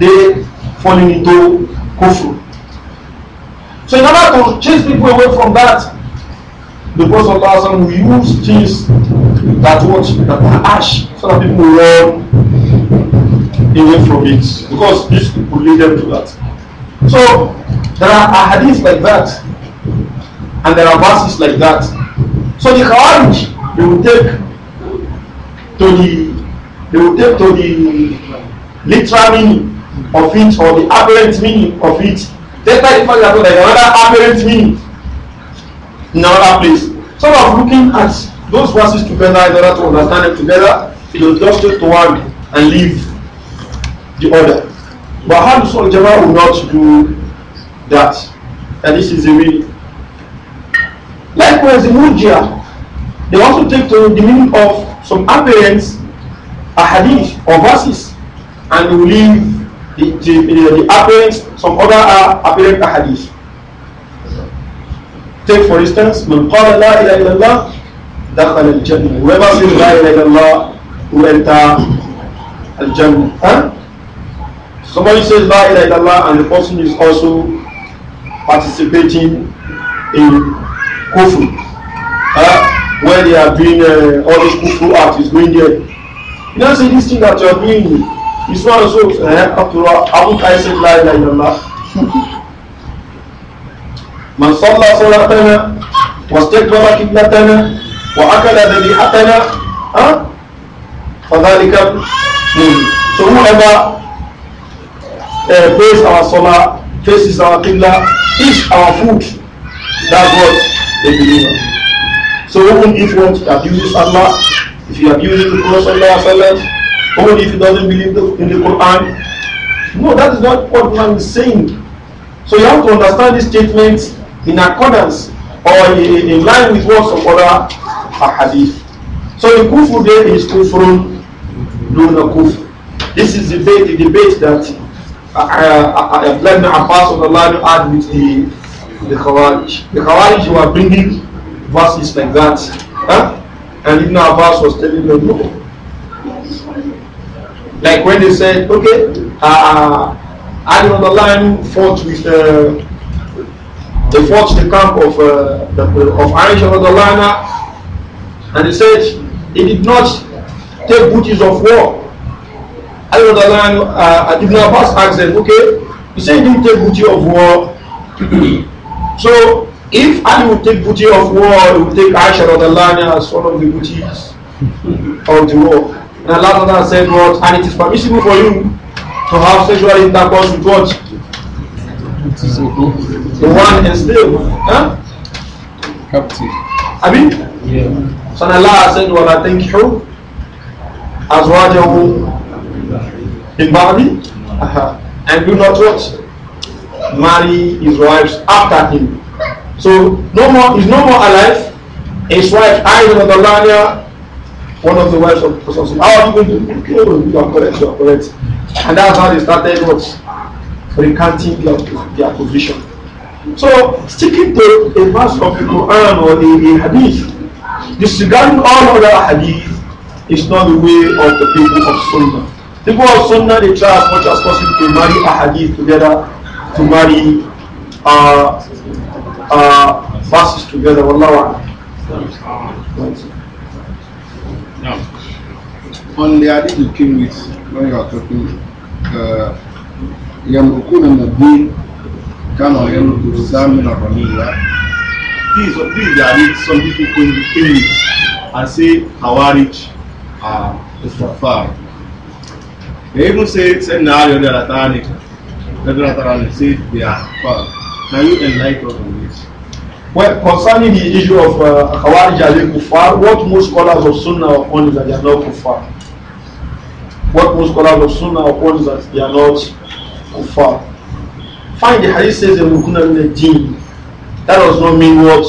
they falling into kufr. So in order to chase people away from that, the Prophet Allah will use things that what that are ash so that people will run away from it because this will lead them to that. So there are hadiths like that and there are verses like that. So the Khawarij they will take to the they will take to the literal meaning of it or the apparent meaning of it, despite the fact that there's another apparent meaning in another place. Sort of looking at those verses together in order to understand them together, you'll just take to one and leave the other. But how some Jama will not do that? And this is the way. Likewise, the Mujia, they also take to the meaning of some apparent a hadith or verses and will leave the, the, the, the appearance, some other are uh, apparent hadith. Take for instance, من قال لا إله إلا الله دخل الجنة. Whoever says لا إله إلا who will enter الجنة. Huh? Somebody says لا إله إلا and the person is also participating in kufu, Huh? When they are doing uh, all these kufu. Art is going there. You know, say this thing that you are doing Ismail so ẹ̀ ọkùnrin abúkà ẹsẹ̀ láìla ìlọ́lá. Màsọ́lá sọ́lá tẹ́lẹ̀, wàstẹ́gbọ́lá kíkà tẹ́lẹ̀, wà ákàlà bẹ̀bí àtẹ́lẹ̀, fàdálíkà so whoever uh, eh, pays our solar faces our kibla eats our food that's what they believe in. so even if one abuses Allah if you abuses the Prophet sallallahu alaihi wasallam Only if he doesn't believe in the Quran. No, that is not what man is saying. So you have to understand this statement in accordance or in, in line with what some other hadith. So the kufr there is kufrun duna kufr. This is the debate, the debate that uh, uh, uh, Abdullah ibn Abbas of Allah had with the, the Khawarij. The Khawarij were bringing verses like that. Huh? And Ibn Abbas was telling them, no, Like when they said, okay, uh, Ali Line fought with uh, they fought the camp of uh, the, of Aisha Radalana, and they said he did not take booties of war. Ali line, uh, Ibn Abbas asked them, okay, he said he didn't take booty of war. so if Ali would take booty of war, he would take Aisha Radalana as one of the booties of the war. And Allah Ta'ala said what? And it is permissible for you to have sexual intercourse with what? The one enslaved. Huh? Captive. Abi? Yeah. So Allah said, Well, I thank you. As Rajahu in Bali. And do not what? Marry his wives after him. So no more, he's no more alive. His wife, Aisha one of the wives of the Prophet. How are you going to do? Oh, you are correct, you are correct. And that's how they started what? Recanting their, their position. So, sticking to a verse of the Quran or a, a hadith, disregarding all other hadith is not the way of the people of Sunnah. People of Sunnah, they try as much as possible to marry a hadith together, to marry uh, uh, verses together. Wallahu a'lam. No. On the hadith you came with when you are talking, uh, Yamukun and Nabil, Kano Yamukun Samin or Ramila. This is the hadith some people came with and say Hawarij are uh, Istighfar. They even say, say Nari or Ratani, Ratani say they are Kufar. Can you enlighten us on this? Well, concerning the issue of uh, Khawarij Ali Kufar, what most scholars of Sunnah upon is that they are not Kufar. What most scholars of Sunnah upon is that they are not Kufar. Find the Hadith says the Jinn. That does not mean what?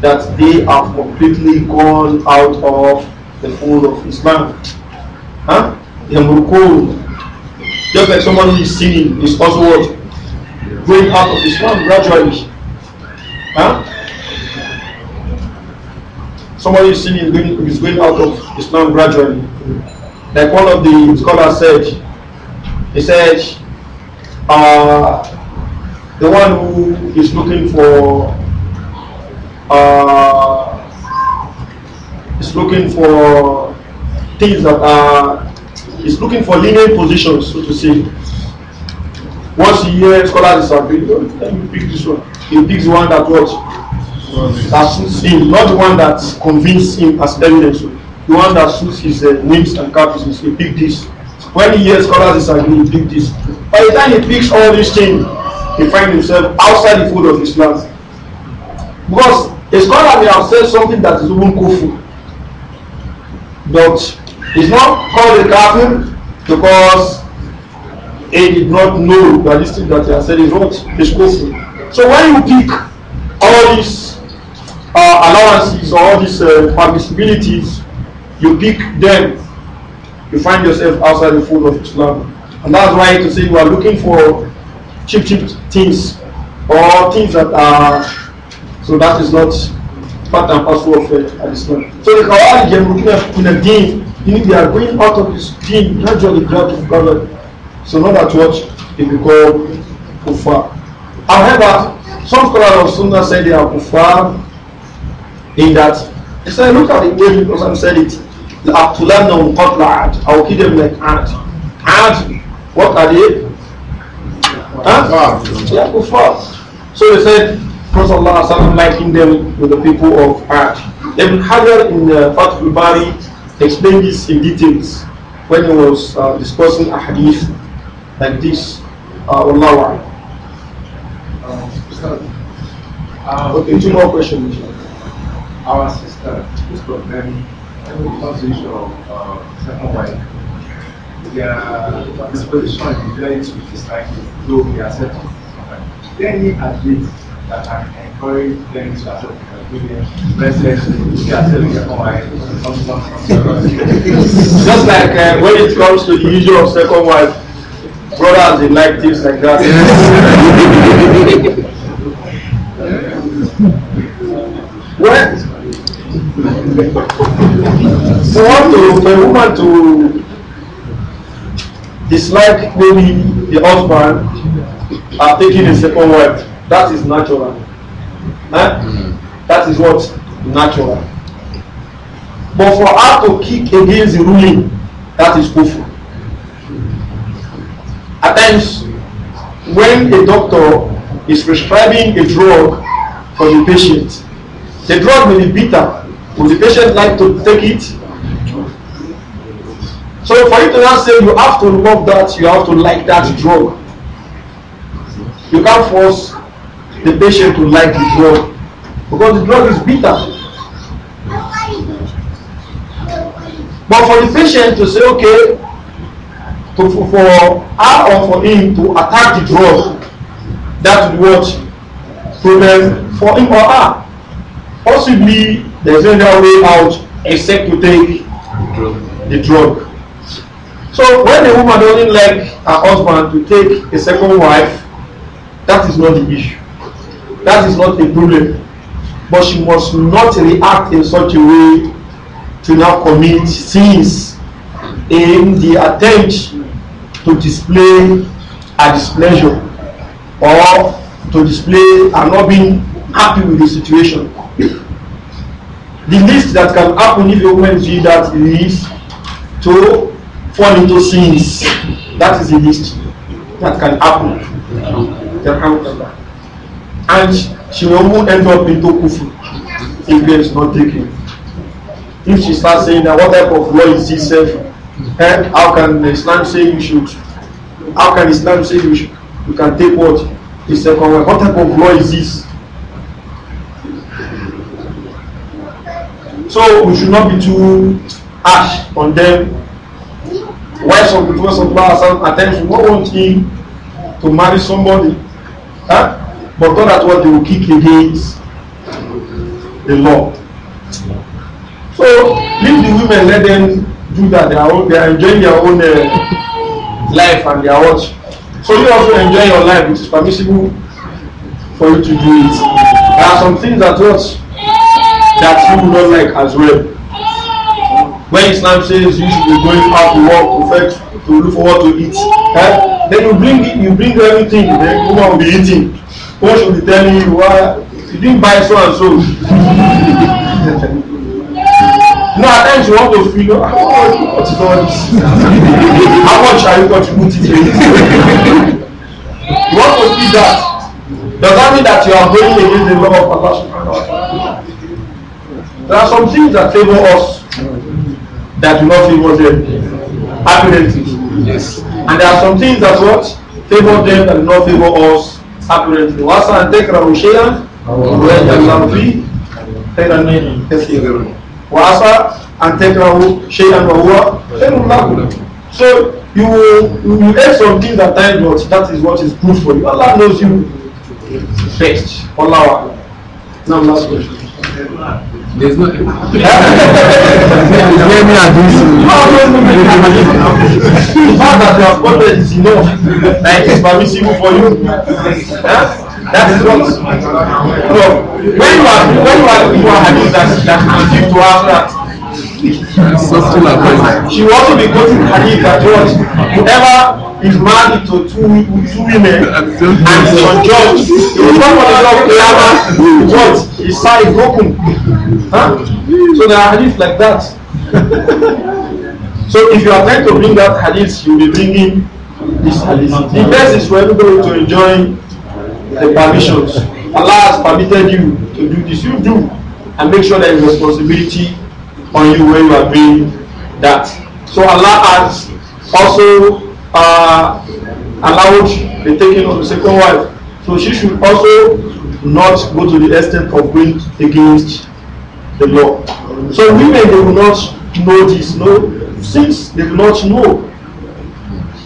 That they have completely gone out of the fold of Islam. Huh? Just like someone is sinning is also what? Going out of Islam gradually. Huh? Somebody is going, is going out of Islam gradually. Like one of the scholars said, he said, uh, the one who is looking for uh, is looking for things that are is looking for linear positions, so to say. Once he hears scholars disagree, let me pick this one. He picks one that what? That suits him, not the one that convinces him as evidence. The one that suits his uh, whims and caprices. He picks this. When he hears scholars disagree, he picks this. By the time he picks all these things, he finds himself outside the fold of Islam. Because a scholar may have said something that is even kufu. But it's not called a kafir because they did not know that this thing that he has said is not kufr. So when you pick all these uh, allowances or all these uh, permissibilities, you pick them, you find yourself outside the fold of Islam. And that's why to say you are looking for cheap, cheap things or things that are, so that is not part and parcel of uh, Islam. So the are looking at in a deen, they are going out of this deen gradually, gradually, gradually. So not that what he called kuffar. However, some scholars of Sunnah said they are kuffar in that they say look at the way the Prophet said it. لأقتلنهم قتل I will kill them like ad. عاد what are they? Huh? They are kuffar. So they said Prophet ﷺ likened them with the people of Ad. Ibn Hajar in uh, Fath al-Bari explained this in details when he was uh, discussing a hadith like this. Uh, Wallahu uh, okay, two more questions. Our sister is from Mary. And we the issue uh, of uh, second wife. Their disposition uh, is very to dislike. Islam, though we accept it. Is there any athlete that can encourage them to accept just like uh, when it comes to the issue of second wife, Brothers, they like things like that. what? so want to, for a woman to dislike maybe the husband are taking a second wife, that is natural. Eh? That is what? Natural. But for her to kick against the ruling, that is kufur. times when a doctor is prescribing a drug for the patient, the drug may be bitter. Would the patient like to take it? So for you to now say you have to love that, you have to like that drug. You can't force the patient to like the drug because the drug is bitter. But for the patient to say, okay, to for, for her or for him to attack the drug that would what problem for him or her possibly there is no other way out except to take the drug so when a woman doesn't like her husband to take a second wife that is not the issue that is not a problem but she must not react in such a way to now commit sins in the attempt to display a displeasure or to display her not being happy with the situation. the least that can happen if a woman do that is to fall into sins. That is the least that can happen. And she will end up into kufu if care is not taking. If she starts saying that what type of law is this self how can Islam say you should? How can Islam say you should? You can take what? The second one. What type of law is this? So we should not be too harsh on them. Why some people some attention not him to marry somebody? Huh? But not that what they will kick against the law. So leave the women, let them do that. They are, they are enjoying their own uh, life and their what. So you also enjoy your life. which is permissible for you to do it. There are some things that what that you don't like as well. When Islam says you should be going out to work to fetch to look for what to eat, eh? then you bring you bring everything. Then you will be eating. What should be telling you? Why you didn't buy so and so. you want to feel how much you contribute how much are you contributing to it you want to feel that does that mean that you are going against the law of Allah there are some things that favour us that do not favour them apparently yes and there are some things that what favour them that do not favour us apparently wasa and tekra oshea wẹ́ẹ̀dẹ̀ lọ́wọ́ bí tẹ́lẹ̀ ní kẹsì ìrẹ̀rẹ̀ and takrahu shay'an wa huwa khairun lakum. So you will, you will hate some things at times, but that is what is good for you. Allah knows you best. Allah. Now last question. There's no. When you are when you are you are having that that to have that She wants also be quoting Hadith that what whoever is married to two, two women and is unjudged, he will come on the job glamour, what? His side broken. Huh? So there are hadith like that. so if you are trying to bring that hadith, you will be bringing this hadith. The best is for everybody to enjoy the permissions. Allah has permitted you to do this, you do. And make sure your responsibility on you when you are being that. So Allah has also uh, allowed the taking of the second wife. So she should also not go to the extent of going against the law. So women, they will not know this. No, since they do not know,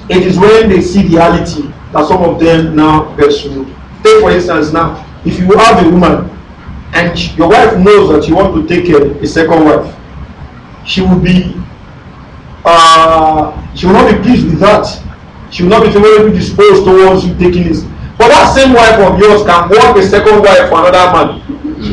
it is when they see the reality that some of them now pursue. Take for instance now, if you have a woman and your wife knows that you want to take a, a second wife, she will be uh, she will not be pleased with that. She will not be very disposed towards you taking this. But that same wife of yours can want a second wife for another man.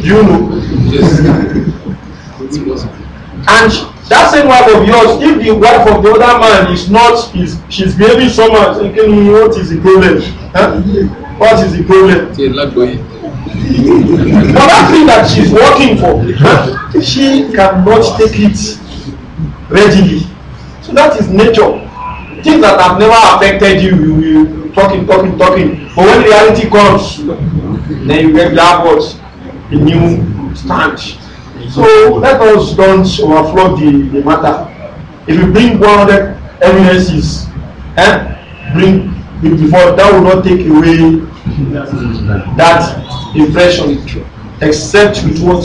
Do you know? Yes. and that same wife of yours, if the wife of the other man is not, is she's behaving so much, thinking, what is the problem? Huh? What is the problem? But that thing that she's working for, she cannot take it readily. So that is nature. Things that have never affected you, you, you talking, talking, talking. But when reality comes, then you get that what a new stand. So let us don't overflow the, the matter. If you bring one hundred evidences, eh, bring before that will not take away that impression is true, except with what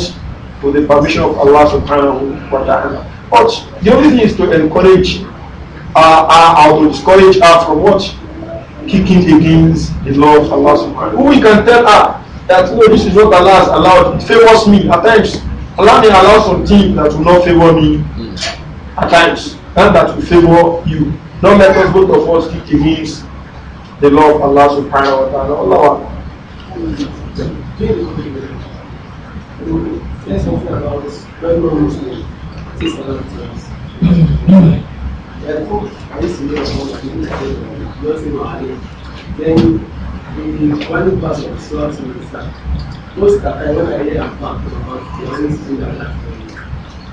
with the permission of Allah subhanahu wa ta'ala. But the only thing is to encourage uh, uh, or to discourage her from what? Kicking against the law of Allah subhanahu wa ta'ala. Who can tell her that no, oh, this is what Allah has allowed, it favors me at times. Allah may allow something that will not favor me at times, and that will favor you. No matter us both of us kick against the love of Allah subhanahu wa ta'ala. Allah. of the Then the one person to Most of the time when I hear a fact about still only thing that happened,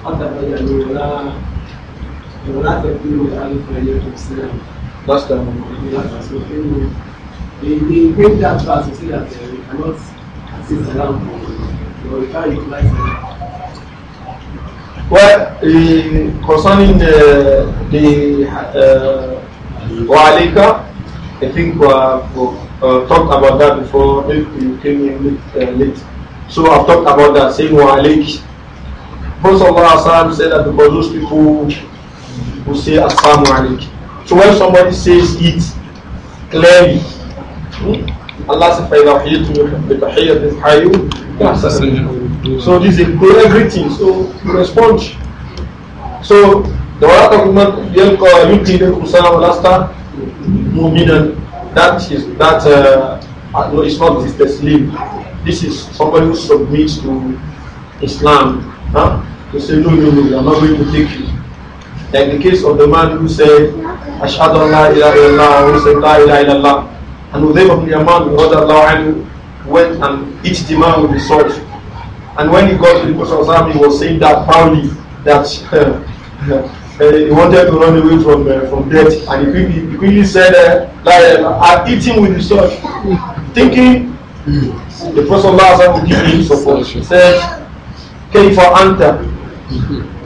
حتى بينوا لا ولا تبدلوا الألف Last Well, uh, concerning the, the uh, Wa'alika, I think we have uh, talked about that before if you came in late, uh, late. So I've talked about that, saying Wa'alik. Prophet said that because those people who say Assalamu alaikum, So when somebody says it clearly, hmm? Allah says, to So this is a everything. so respond. So the word of man yelqa yuqida kusana walasta mu'minan. That is, that, uh, uh no, it's not this slave. This is somebody who submits to Islam. Huh? To say, no, no, no, I'm not going to take you. Like the case of the man who said, Ashhadu an la ilaha illallah, who said la ilaha illallah. And Udayb ibn Yaman anhu, went and hit the man with the sword. And when he got to the Prophet he was saying that proudly, that uh, uh, he wanted to run away from uh, from death. And he quickly, he quickly said, uh, eh, like, I hit him with the sword, thinking the Prophet would give him support. He said, كيف anta,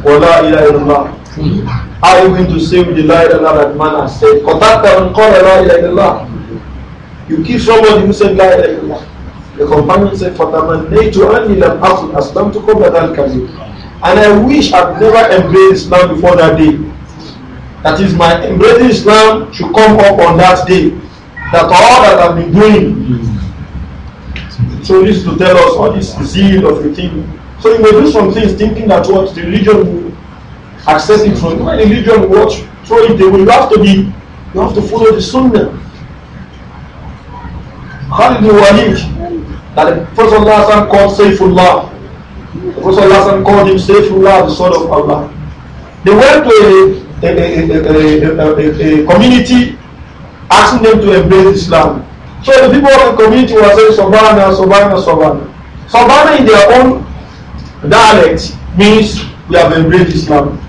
ولا إله إلا الله Are you going to say with the lie another man has said, Kontakta and call a lie like Allah? You kill somebody who said lie like Allah. The companion said, فَتَمَنَّيْتُ أَنِّي لَمْ أَخُلْ أَسْلَمْتُ قَبْلَ ذَلْكَ And I wish I'd never embraced Islam before that day. That is, my embracing Islam should come up on that day. That all that I've been doing. So this is to tell us all this zeal of the thing. So you may do some things thinking that what the religion access it from when religion watch throw it away you have to be you have to follow the sunnah Khalid bin Walid that the Prophet Allah called Saifullah the Prophet Allah called him Saifullah the son of Allah they went to a, a, a, a a community asking them to embrace Islam so the people of the community were saying "Sobana, sobana, sobana." Sobana in their own dialect means we have embraced Islam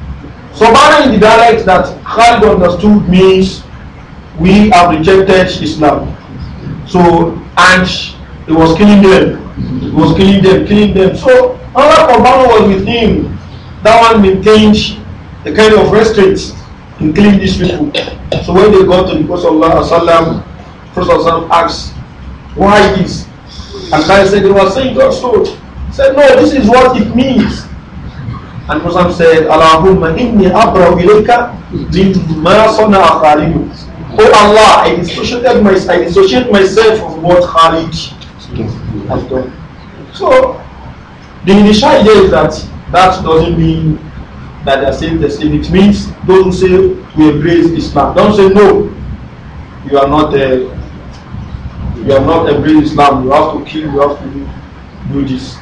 So in the dialect that Khalid understood means we have rejected Islam. So and he was killing them. He was killing them, killing them. So Allah Kabbalah was with him. That one maintained a kind of restraint in killing these people. So when they got to the Prophet Sallallahu Alaihi asked, why this? And Khalid said, they were saying God's word." said, no, this is what it means. And Muslim said, Allahumma inni abra'u ilayka mimma sana'a Khalid. Oh Allah, I dissociate my, I dissociate myself from what Khalid has done. So, the initial idea is that that doesn't mean that they are saying the same. It means don't say we embrace Islam. Don't say no, you are not uh, you are not embracing Islam. You have to kill. You have to do, do this.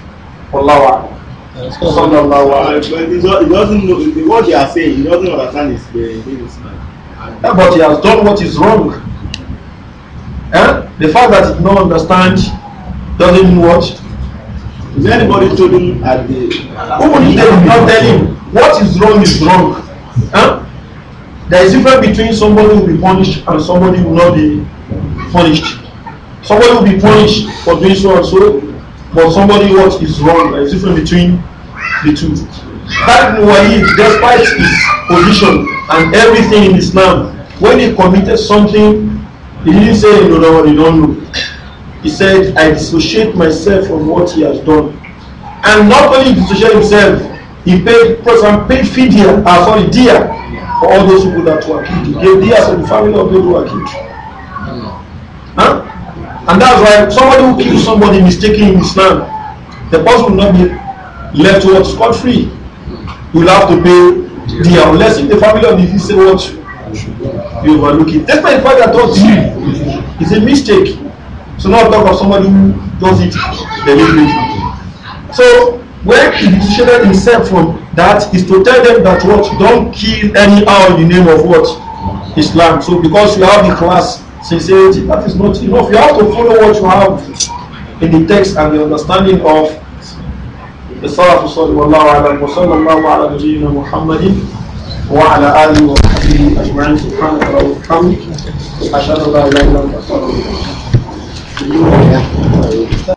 Allah. He doesn't know the word they are saying. He doesn't understand his his Yeah, but he has done what is wrong. Eh? The fact that he does not understand doesn't mean what. Is anybody told him at the? Who if they did not tell him what is wrong is wrong? Eh? There is a difference between somebody who will be punished and somebody who will not be punished. Somebody will be punished for doing so and so, But somebody what is wrong, there is difference between the two. That Muwahid, despite his position and everything in Islam, when he committed something, he didn't say, no, no, you don't know. He said, I dissociate myself from what he has done. And not only dissociate himself, he paid person paid fidya, uh, ah, sorry, dia for all those people that were killed. He gave dear to the family of those who were killed. And that's why somebody who kills somebody mistaking in Islam, the person will not be left what scot free. You'll have to pay the unless if the family of the deceased say what you overlook it. That's my father taught you. It's a mistake. So now talk of somebody who does it deliberately. So when he dissociated himself from that is to tell them that what don't kill anyhow in the name of what Islam. So because you have the class sincerity. That is not enough. You have to follow what you have in the text and the understanding of the Salaf صلى الله عليه وصلى الله على وعلى آله وصحبه أجمعين سبحانك اللهم وبحمدك أشهد أن لا إله إلا أنت